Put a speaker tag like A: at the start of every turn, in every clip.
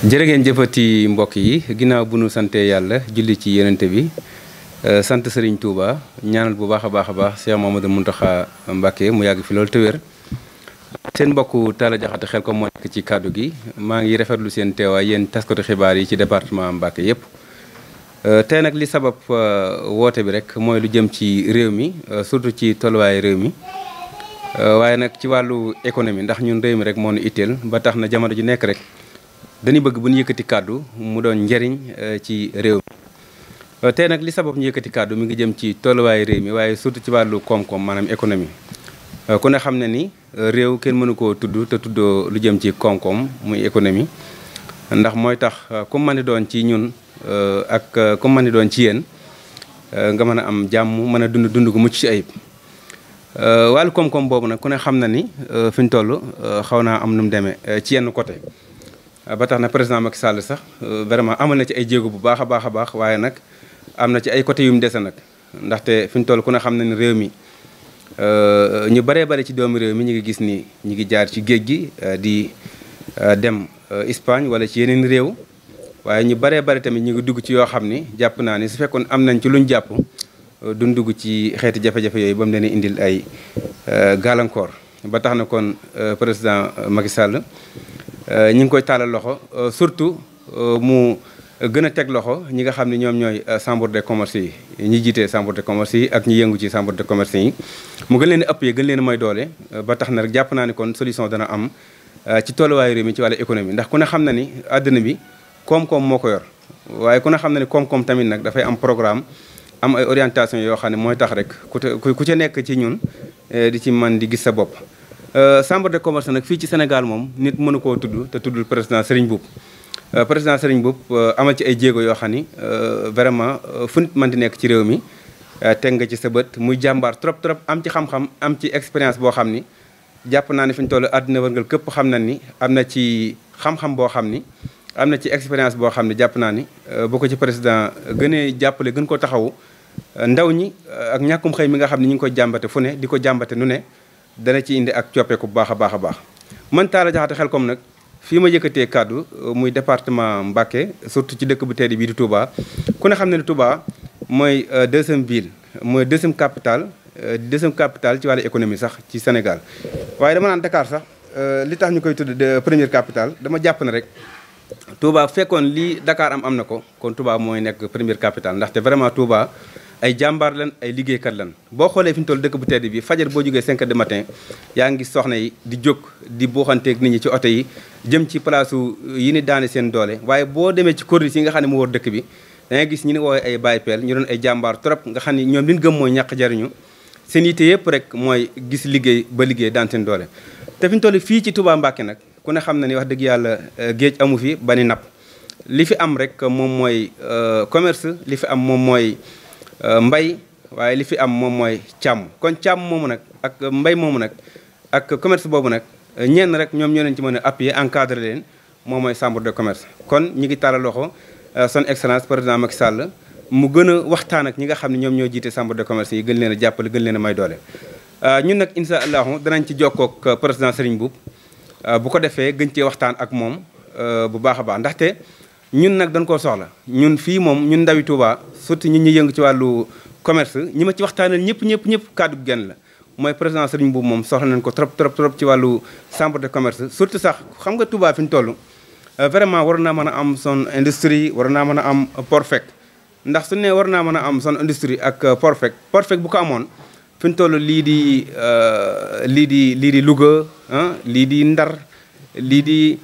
A: jërë ngeen jëfati mbokk yi ginnaaw bu nu sante yàlla julli ci yenente bi euh, sant Serigne Touba ñaanal bu baax a baax a baax moom a Cheikh mun Mountakha Mbacké mu yàgg fi loolu te wér seen mbokk Talla Diakhaté xel ko moo nekk ci kàddu gi maa ngi rafetlu seen teewaay yéen taskatu xibaar yi ci département Mbacké yépp euh, tey nag li sabab euh, woote bi rek mooy lu jëm ci réew mi surtout ci tolluwaay réew mi waaye nag ci wàllu économie ndax ñun réew mi rek moo nu itteel ba tax na jamono ji nekk rek dañu bëgg bu ñu yëkkati kàddu mu doon njëriñ euh, ci réew mi euh, tey nag li sabab ñu yëkkati kàddu mi ngi jëm ci tolluwaayu réew mi waaye surtout ci wàllu koom-koom maanaam économie euh, xam ne ni réew kenn mënu koo tudd lu jëm ci koom-koom muy économie ndax mooy tax ku mën di doon ci ñun ak ku mën di doon ci yéen nga mën a am jàmm mën a dund dund gu mucc ci ayib wàllu koom-koom boobu nag ku ne xam na ni fi ñu toll xaw naa am nu mu demee ci yenn côté ba tax na président Macky Sall sax euh, vraiment amal na ci ay jéego bu baax a baax a baax waaye nag am na ci ay côté yu mu dese nag ndaxte fi ñu toll ku ne xam na ni réew mi euh, ñu bëree bëri ci doomu réew mi ñu ngi gis ni ñu ngi jaar ci géej gi euh, di dem Espagne wala ci yeneen réew waaye ñu bëree bëri tamit ñu ngi dugg ci yoo xam ni jàpp naa ni su fekkoon am nañ ci lu luñ jàpp duñ dugg ci xeeti jafe-jafe yooyu ba mu leen indil ay gàllankoor ba tax na kon président Macky Sall Euh, ñi ngi koy tàllal loxo euh, surtout euh, mu gën a teg loxo ñi nga xam ne ñoom ñooy chambre de commerce yi ñi jiitee chambre de commerce yi ak ñi yëngu ci chambre de commerce yi mu gën leen appuyé gën leen mooy doole ba tax na rek jàpp naa ni kon solution dana am ci tolluwaayu réew mi ci wàllu économie ndax ku ne xam na ni àddina bi koom-koom moo ko yor waaye ku ne xam na ni koom-koom tamit nag dafay am programme am ay orientation yoo xam ne mooy tax rek ku ca ku ca nekk ci ñun di ci man di gis sa bopp Euh, chambre de commerce nag fii ci Sénégal moom nit mënu koo tudd te tuddul président Serigne Mboup euh, président Serigne Mboup euh, amal ci ay jéego yoo xam ni vraiment fu nit mën di nekk ci réew mi teg nga ci sa bët muy jàmbaar trop trop am ci xam-xam am ci expérience boo xam ni jàpp naa ne fi ñu toll àddina wërngal képp xam na ni am na ci xam boo xam ni am na ci expérience boo xam ne jàpp naa ni bu ko ci président gënee jàppale gën ko taxawu ndaw ñi ak ñàkkum xëy mi nga xam ne ñu ngi koy jàmbate fu ne di ko jàmbate nu ne dana ci indi ak coppeeku bu baax a baax a baax man Talla xel Khelcom nag fii ma yëkkatee kàddu euh, muy département Mbacké surtout ci dëkk bu tedd bii di Touba ku ne xam ne ne Touba mooy euh, deuxième ville mooy deuxième capitale euh, deuxième capital ci wàllu économie sax ci Sénégal waaye dama naan Dakar sax li tax ñu koy tudd de première capitale dama jàpp ne rek Touba fekkoon lii Dakar am am na ko kon Touba mooy nekk première capital ndaxte vraiment Touba ay jàmbaar lan ay liggéeykat lan boo xoolee fi ñu toll dëkk bu tedd bi fajar boo jógee 5 de matin yaa ngi soxna yi di jóg di buuxanteeg nit ñi ci oto yi jëm ci place uh, yi ni daane seen doole waaye boo demee ci corniche yi nga xam ne mu wër dëkk bi da ngay gis ñu ni woowee ay Baay Peel ñu doon ay jàmbaar trop nga xam ni ñoom li ñu gëm mooy ñàkk jariñu seen yitte yëpp rek mooy gis liggéey ba liggéey daan seen doole te fi ñu toll fii ci Touba Mbacké nag ku ne xam na ni wax dëgg yàlla uh, géej amu fi ba ni li fi am rek moom mooy uh, commerce li fi am moom mooy Euh, mbay waaye li fi am moom mooy càmm kon càmm moomu nag ak mbay moomu nag ak commerce boobu nag euh, ñenn rek ñoom ñoo leen ci mën a appuyer leen moom mooy chambre de commerce kon ñi ngi tàllal loxo euh, son excellence président Macky Sall mu gën a waxtaan ak ñi nga xam ne ñoom ñoo jiite chambre de commerce yi gën leen a jàppale gën leen a may doole ñun nag insha allahu danañ ci jokkook président Serigne Boub bu ko defee gën ci waxtaan ak moom bu baax a baax ndaxte ñun nag dañ ko soxla ñun fii moom ñun ndawi Touba surtout ñun ñuy yëngu ci wàllu commerce ñi ma ci waxtaanal ñëpp ñëpp ñëpp kaddu genn la mooy président Serigne moom soxla nañ ko trop trop trop ci wàllu chambre de commerce surtout sax xam nga Touba fi ñu toll euh, vraiment war naa mën a am son industrie war naa mën a am porfec ndax su ne war naa mën a am son industrie ak euh, porfec porfec bu ko amoon fi ñu toll lii di euh, lii di lii di Louga lii di Ndar lii di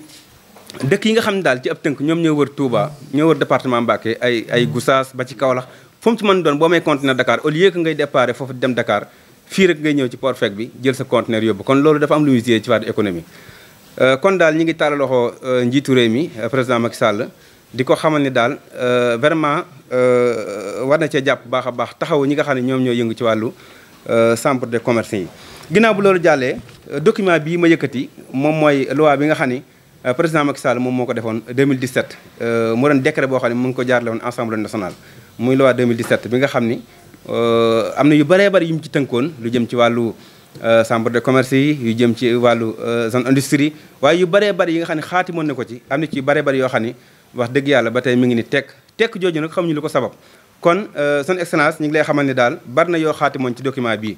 A: dëkk yi nga xam ne daal ci ab tënk ñoom ñoo wër Touba ñoo wër département Mbacké ay ay ba ci Kaolack fu mu ci man doon boo may conteneur Dakar au lieu que ngay déparé foofu dem Dakar fii rek ngay ñëw ci port bi jël sa conteneur yóbbu kon loolu dafa am lu muy gisee ci wàllu économie. Euh, kon daal ñi ngi tàllal loxo euh, njiitu réew mi euh, président Macky Sall di ko xamal ni daal vraiment war na cee jàpp baax a baax taxawu ñi nga xam ne ñoom ñoo yëngu ci wàllu chambre de commerce yi. ginnaaw loolu jàllee document bii ma yëkkati moom mooy loi bi nga xam ni Euh, président Macky Sall moom moo ko defoon 2017 euh, mu doon décret boo xam ne mu ngi ko jaarale woon assemblée nationale muy loi 2017 bi nga xam ni euh, am na yu bëree bëri yu mu ci tënkoon lu jëm ci wàllu chambre de commerce yi yu jëm ci wàllu zone industrie waaye yu bëree bëri yi nga xam ne xaatimoon na ko ci am na ci yu bëree yoo xam ni wax dëgg yàlla ba tey mi ngi ni tekk tekk jooju nag xamuñu lu ko sabab kon son excellence ñu ngi lay xamal ne daal bari na yoo xaatimoon ci document bi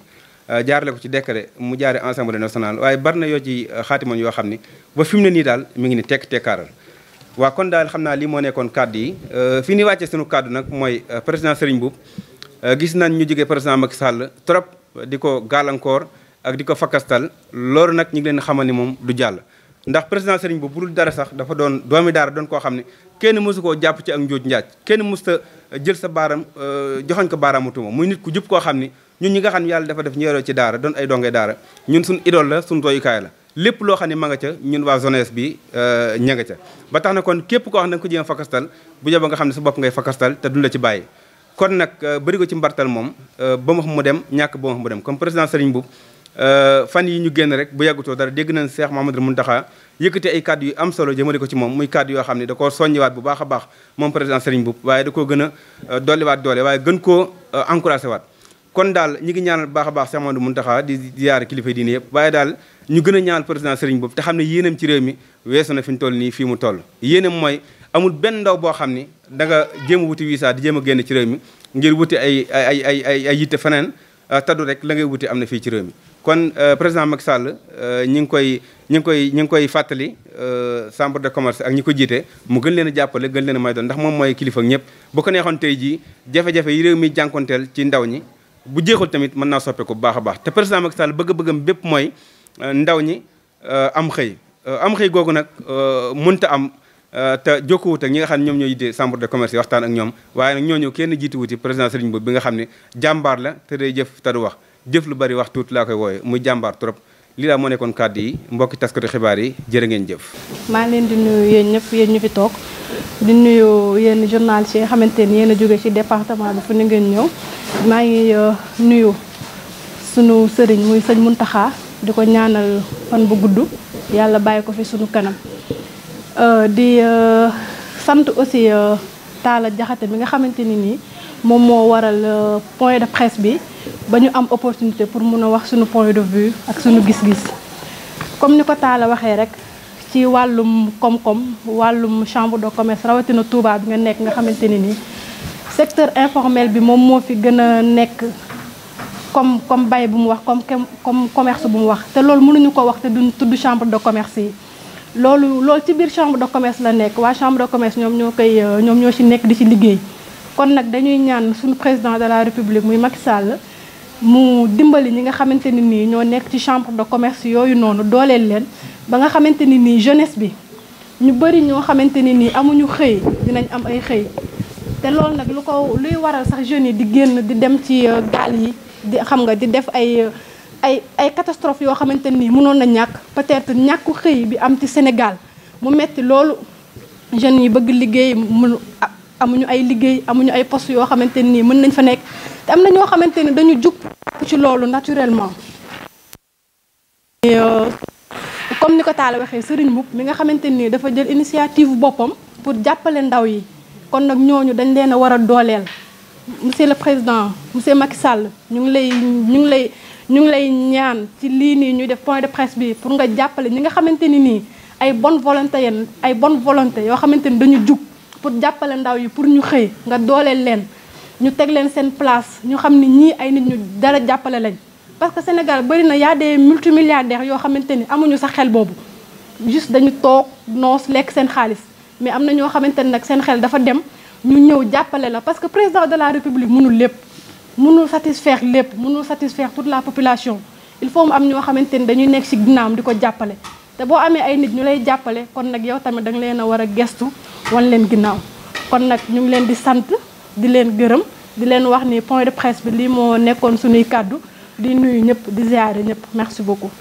A: Euh, jaarale ko ci décret mu jaare ensemble national waaye bari na yoo ci euh, xaatimoon yoo xam ni ba fi mu ne nii daal mi ngi ni tekk tekkaaral waaw kon daal xam naa lii moo nekkoon kàddu yi euh, fi ni wàccee sunu kàddu nag mooy président Serigne Mboup gis nañ ñu jógee président Macky sàll trop di ko gàllankoor ak di ko fakkastal loolu nag ñu ngi leen xamal ni moom du jàll ndax président Serigne Mboup bu dul dara sax dafa doon doomi daara doon koo xam ne kenn mësu koo jàpp ci ak njuuj njaaj kenn mës ta jël sa baaram joxoñ ko baaraamu muy nit ku jub koo xam ni ñun ñi nga xam ne yàlla dafa def ñu yoroo ci daara doon ay dongee daara ñun suñ idole la suñ royukaay la lépp loo xam ne ma nga ca ñun waa jeunesse bi euh, ña nga ca ba tax na kon képp ko xam ne ko jéem fakastal bu jaba nga xam ne sa bopp ngay fakastal te duñ la ci bàyyi kon nag euh, bëri ko ci mbartal moom euh, ba mu mu dem ñàkk ba mu dem comme président Serigne fan yi ñu génn rek bu yàggutoo dara dégg nañ Cheikh Mamadou Mountakha yëkkati ay kàddu yu am solo jëmale ko ci moom muy kàddu yoo xam ne da koo soññiwaat bu baax a baax moom président Serigne Mboup waaye da koo gën a doole waaye gën koo encouragé waat kon daal ñi ngi ñaanal baax a baax Cheikh Amadou Mountakha di ziyaar kilifa diine yëpp waaye daal ñu gën a ñaanal président Serigne boobu te xam ne yéenam ci réew mi wees na fi mu toll nii fii mu toll yéenam mooy amul benn ndaw boo xam ni danga jéem a wuti visa di jéem a génn ci réew mi ngir wuti ay ay ay ay ay yitte feneen ah, taddu rek la ngay wuti am na fii ci réew mi kon euh, président Macky Sall euh, ñi ngi koy ñi ngi koy ñi ngi koy fàttali euh, chambre de commerce ak ñi ko jiite mu gën leen a jàppale gën leen a ndax moom mooy kilifa ñëpp bu ko neexoon tey jii jafe yi réew mi jànkonteel ci ndaw ñi bu jeexul tamit mën naa soppeeku bu baax a baax te président Macky Sall bëgg-bëggam bépp mooy euh, ndaw ñi euh, am xëy euh, am xëy googu nag mënta am te jokkuwut ak nga xam ne ñoom ñoo yitte chambre de commerce waxtaan ak ñoom waaye nag ñooñu kenn jiituwuti président Serigne Mboup bi nga xam ne jàmbaar la te day jëf te du wax jëf lu bari wax tuuti laa koy wooye muy jàmbaar trop lii laa moo nekkoon kàddu yi mbokki taskatu xibaar yi jërë ngeen jëf.
B: maa leen di nuyu yéen ñëpp yéen ñu fi toog. di nuyu yenn journalistes yi nga xamante ni yéen a jóge ci département bi fu ni ngeen ñëw maa ngi euh, nuyu sunu sëriñ muy sëñ mun Muntaxa di ko ñaanal fan bu gudd yàlla bàyyi ko fi sunu kanam euh, di euh, sant aussi Talla Diakhaté bi nga xamante ni nii moom moo waral point de presse bi ba ñu am opportunité pour mun a wax suñu point de vue ak suñu gis-gis comme ni ko Talla waxee rek ci wàllum koom-koom wàllum chambre de commerce rawatina Touba bi nga nekk nga xamante ne nii secteur informel bi moom moo fi gën a nekk comme comme bay bu mu wax comme comme commerce bu mu wax te loolu mënuñu ko wax te duñ tudd chambre de commerce yi. loolu loolu ci biir chambre de commerce la nekk waa chambre de commerce ñoom ñoo koy ñoom ñoo ci nekk di ci liggéey kon nag dañuy ñaan suñu président de la république muy mag Sall mu dimbali ñi nga xamante ne nii ñoo nekk ci chambre de commerce yooyu noonu dooleel leen ba nga xamante ni nii jeunesse bi ñu bëri ñoo xamante ni nii amuñu xëy dinañ am ay xëy te loolu nag lu ko luy waral sax jeunes yi di génn di dem ci euh, gaal yi di xam nga di def ay euh, ay ay catastrophe yoo xamante ni munoon na ñàkk peut-être ñàkku xëy bi am ci Sénégal mu metti loolu jeunes yi bëgg liggéey mënu amuñu ay liggéey amuñu ay post yoo xamante nii mën nañ fa nekk te am na ñoo xamante ni dañu jug ci loolu naturellement euh, comme ni ko Talla waxee Serigne Mboup mi nga xamante nii dafa jël initiative boppam pour jàppale ndaw yi kon nag ñooñu dañ leen a war a dooleel monsieur le président monsieur Macky Sall ñu ngi lay ñu ngi lay ñu ngi lay ñaan ci lii nii ñuy def point de presse bi pour nga jàppale ñi nga xamante ni nii ay bonne volonté yenn ay bonne volonté yoo xamante ni dañu jug pour jàppale ndaw yi pour ñu xëy nga dooleel leen ñu teg leen seen place ñu xam ni ñii ay nit ñu dara jàppale lañ parce que Sénégal bëri na y a des multimilliardaires yoo xamante ni amuñu sa xel boobu juste dañu toog noos lekk seen xaalis mais am na ñoo xamante ni nag seen xel dafa dem ñu ñëw jàppale la parce que président de la république mënul lépp mënul satisfaire lépp mënul satisfaire toute la population il faut mu am ñoo xamante ni dañuy nekk ci ginnaawam di ko jàppale te boo amee ay nit ñu lay jàppale kon nag yow tamit da leen a war a gestu wan leen ginnaaw kon nag ñu ngi leen di sant di leen gërëm di leen wax ni point de presse bi lii moo nekkoon suñuy kàddu di nuyu ñëpp di ziare ñëpp merci beaucoup